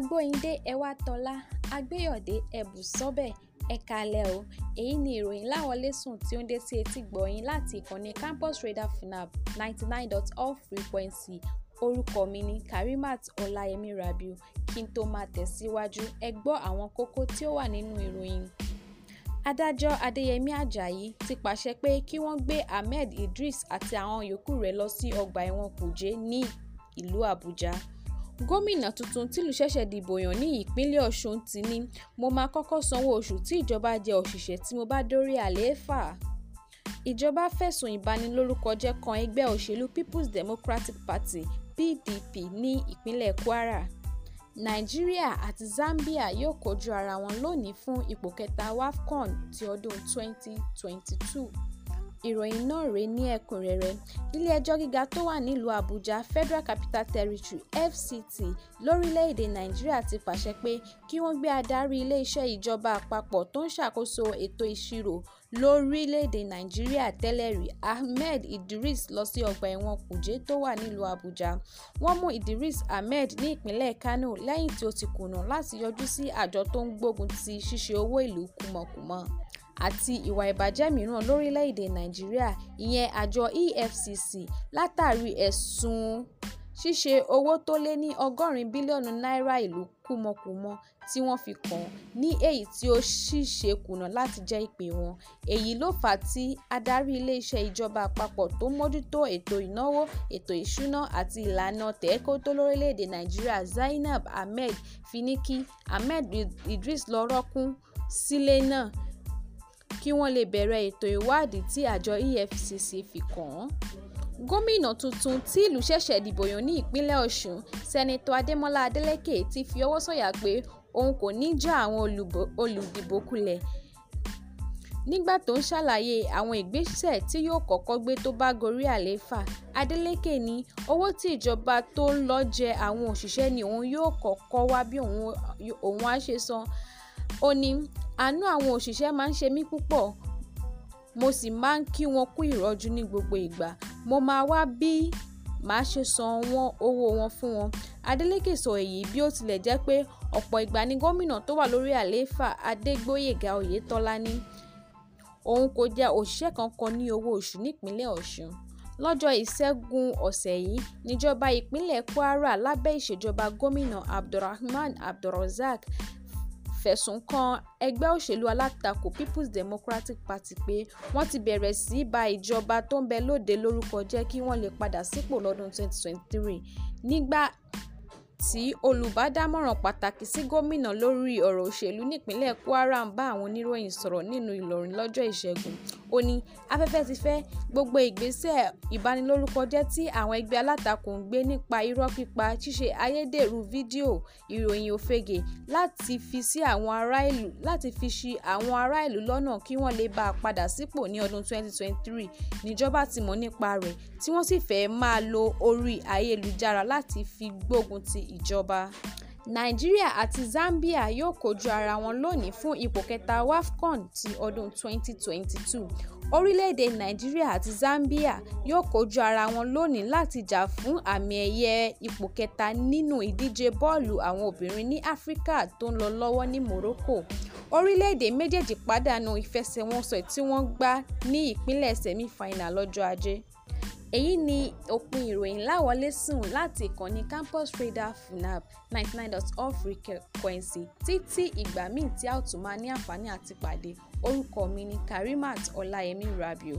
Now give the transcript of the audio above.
agbóyíndé ẹwàtọ́lá àgbéyọ̀dé ẹ̀bùsọ́bẹ̀ ẹ káalẹ́ o èyí ni ìròyìn láwọn lẹ́sùn tí ó ń dé sí etí gbọ̀yìn láti ìkànnì campus radar funab ninety nine dot all frequency orúkọ mi ni karimat ọláyẹmí rabiu kí n tó máa tẹ̀síwájú ẹ gbọ́ àwọn kókó tí ó wà nínú ìròyìn adájọ́ adéyẹmí ajayi ti pàṣẹ pé kí wọ́n gbé ahmed idris àti àwọn yòókù rẹ̀ lọ sí ọgbà ẹ̀wọ̀n kùjé ní ìlú àbújá gómìnà tuntun tìlú ṣẹ̀ṣẹ̀ dìbò yàn ní ìpínlẹ̀ ọ̀ṣun ti ní mo máa kọ́kọ́ sanwó oṣù tí ìjọba jẹ òṣìṣẹ́ tí mo bá dórí àlééfà ìjọba fẹ̀sùn ìbanilórúkọjẹ́ kan ẹgbẹ́ òṣèlú people's democratic party pdp ní ìpínlẹ̀ kwara nàìjíríà àti zambia yóò kojú ara wọn lónìí fún ipò kẹta wafcon ti ọdún 2022 ìròyìn náà rèé ní ẹ̀kúnrẹ́rẹ́ ilé-ẹjọ́ gíga tó wà nílùú àbújá federal capital territory fct lórílẹ̀‐èdè nàìjíríà ti pàṣẹ pé kí wọ́n gbé adarí iléeṣẹ́ ìjọba àpapọ̀ tó ń ṣàkóso ètò ìṣirò lórílẹ̀ nàìjíríà tẹ́lẹ̀rí ahmed idris lọ sí ọgbà ẹ̀wọ̀n kùjé tó wà nílùú àbújá wọ́n mú idris ahmed ní ìpínlẹ̀ kano lẹ́yìn tí ó ti kùnà láti yọjú sí àjọ tó ń gbógun ti ṣíṣe owó ìlú kùmọ̀kùmọ̀ àti ìwà ìbàjẹ́ mìíràn lórílẹ̀‐èdè nàìjíríà ìyẹn àjọ efcc látàrí ẹ̀sùn ṣíṣe owó tó lé ní ọgọ́rin bílíọ̀nù náírà ìlú kùmọ̀kùmọ̀ tí wọ́n fi kàn án ní èyí tí ó sì ṣe kùnà láti jẹ́ ìpè wọn èyí ló fà á tí adarí iléeṣẹ́ ìjọba àpapọ̀ tó mójútó ètò ìnáwó ètò ìṣúná àti ìlànà tẹ̀ẹ́kótó lórílẹ̀‐èdè nàìjíríà zainab ahmed Finiki ahmed idris lọ rọ́ọ̀kùn náà kí wọ́n lè bẹ̀rẹ̀ ètò ìwádìí tí àjọ EFCC fi kàn án. Gómìnà tuntun tí ìlú ṣẹ̀ṣẹ̀ dìbò yàn ní ìpínlẹ̀ Ọ̀ṣun Sẹ́nitọ̀ Adémọ́lá Adélékè ti fi ọwọ́ sọ̀yà pé òun kò ní já àwọn olùdìbò kulẹ̀ nígbà tó ń ṣàlàyé àwọn ìgbésẹ̀ tí yóò kọ́kọ́ gbé tó bá gorí àlééfà Adeleke ní owó tí ìjọba tó ń lọ jẹ àwọn òṣìṣẹ́ ni òun yóò kọ́kọ́ wá bí òun á ṣe san ó ní àánú àwọn òṣìṣẹ́ máa ń ṣe mí púpọ̀ mo sì máa ń kí wọn kú ìrọ́jú ní gbogbo ìgbà mo máa wá bí màá ṣe san wọn owó wọn fún wọn Adeleke sọ èyí bí ó tilẹ̀ jẹ́ pé ọ̀pọ̀ ìgbà ni gómìnà tó wà lórí àlééfà Adégbóyèga Oyètọ́lání òun kò jẹ òṣìṣẹ́ kankan ní owó oṣù nípínlẹ̀ Ọ̀ṣun lọ́jọ́ ìṣẹ́gun ọ̀sẹ̀ yìí níjọba ìpínlẹ̀ Kwara lábẹ́ ìṣèjọba gómìnà Abdulrahman Abdulrozak fẹ̀sùn kan ẹgbẹ́ òṣèlú alátakò People's Democratic Party pé wọ́n ti bẹ̀rẹ̀ sí í ba ìjọba tó ń bẹ lóde lórúkọ jẹ́ kí wọ́n lè padà sípò lọ́dún 2023 nígbà tí olùbádámọ̀ràn pàtàkì sí gómìnà lórí ọ̀rọ̀ òṣèlú nípínlẹ̀ Kwara ń bá àwọn oníròyìn sọ̀rọ̀ nínú Ìlọrin lọ́jọ́ Ìṣẹ́gun ó ní afẹ́fẹ́ ti fẹ́ gbogbo ìgbésẹ̀ ìbanilórúkọjẹ́ tí àwọn ẹgbẹ́ alátakò ń gbé nípa irọ́ pípa ṣíṣe ayédèrú fídíò ìròyìn òfegè láti fi sí àwọn ará ìlú láti fi ṣi àwọn ará ìlú lọ́nà kí wọ́n lè bá a padà sípò ní ọdún 2023 níjọba ti mọ̀ nípa rẹ̀ tí wọ́n sì fẹ́ máa lo orí ayélujára láti fi gbógun ti ìjọba. Nàìjíríà àti Zambia yóò kojú ara wọn lónìí fún ipò kẹta WAFCON ti ọdún 2022. Orílẹ̀-èdè Nàìjíríà àti Zambia yóò kojú ara wọn lónìí láti jà fún àmì ẹ̀yẹ ipò kẹta nínú ìdíje bọ́ọ̀lù àwọn obìnrin ní Áfíríkà tó ń lọ lọ́wọ́ ní Morocco. Orílẹ̀-èdè méjèèjì pàdánù ìfẹsẹ̀wọnsẹ̀ tí wọ́n gbá ní ìpele semi-final lọ́jọ́ Ajé èyí ni òpin ìròyìn láwọlésùn láti ìkànnì campus radar funab ninety nine dot off frequency títí ìgbà míì tí a ó tún máa ní àǹfààní àti pàdé orúkọ mi ni karimat ọláyẹmí rabiu.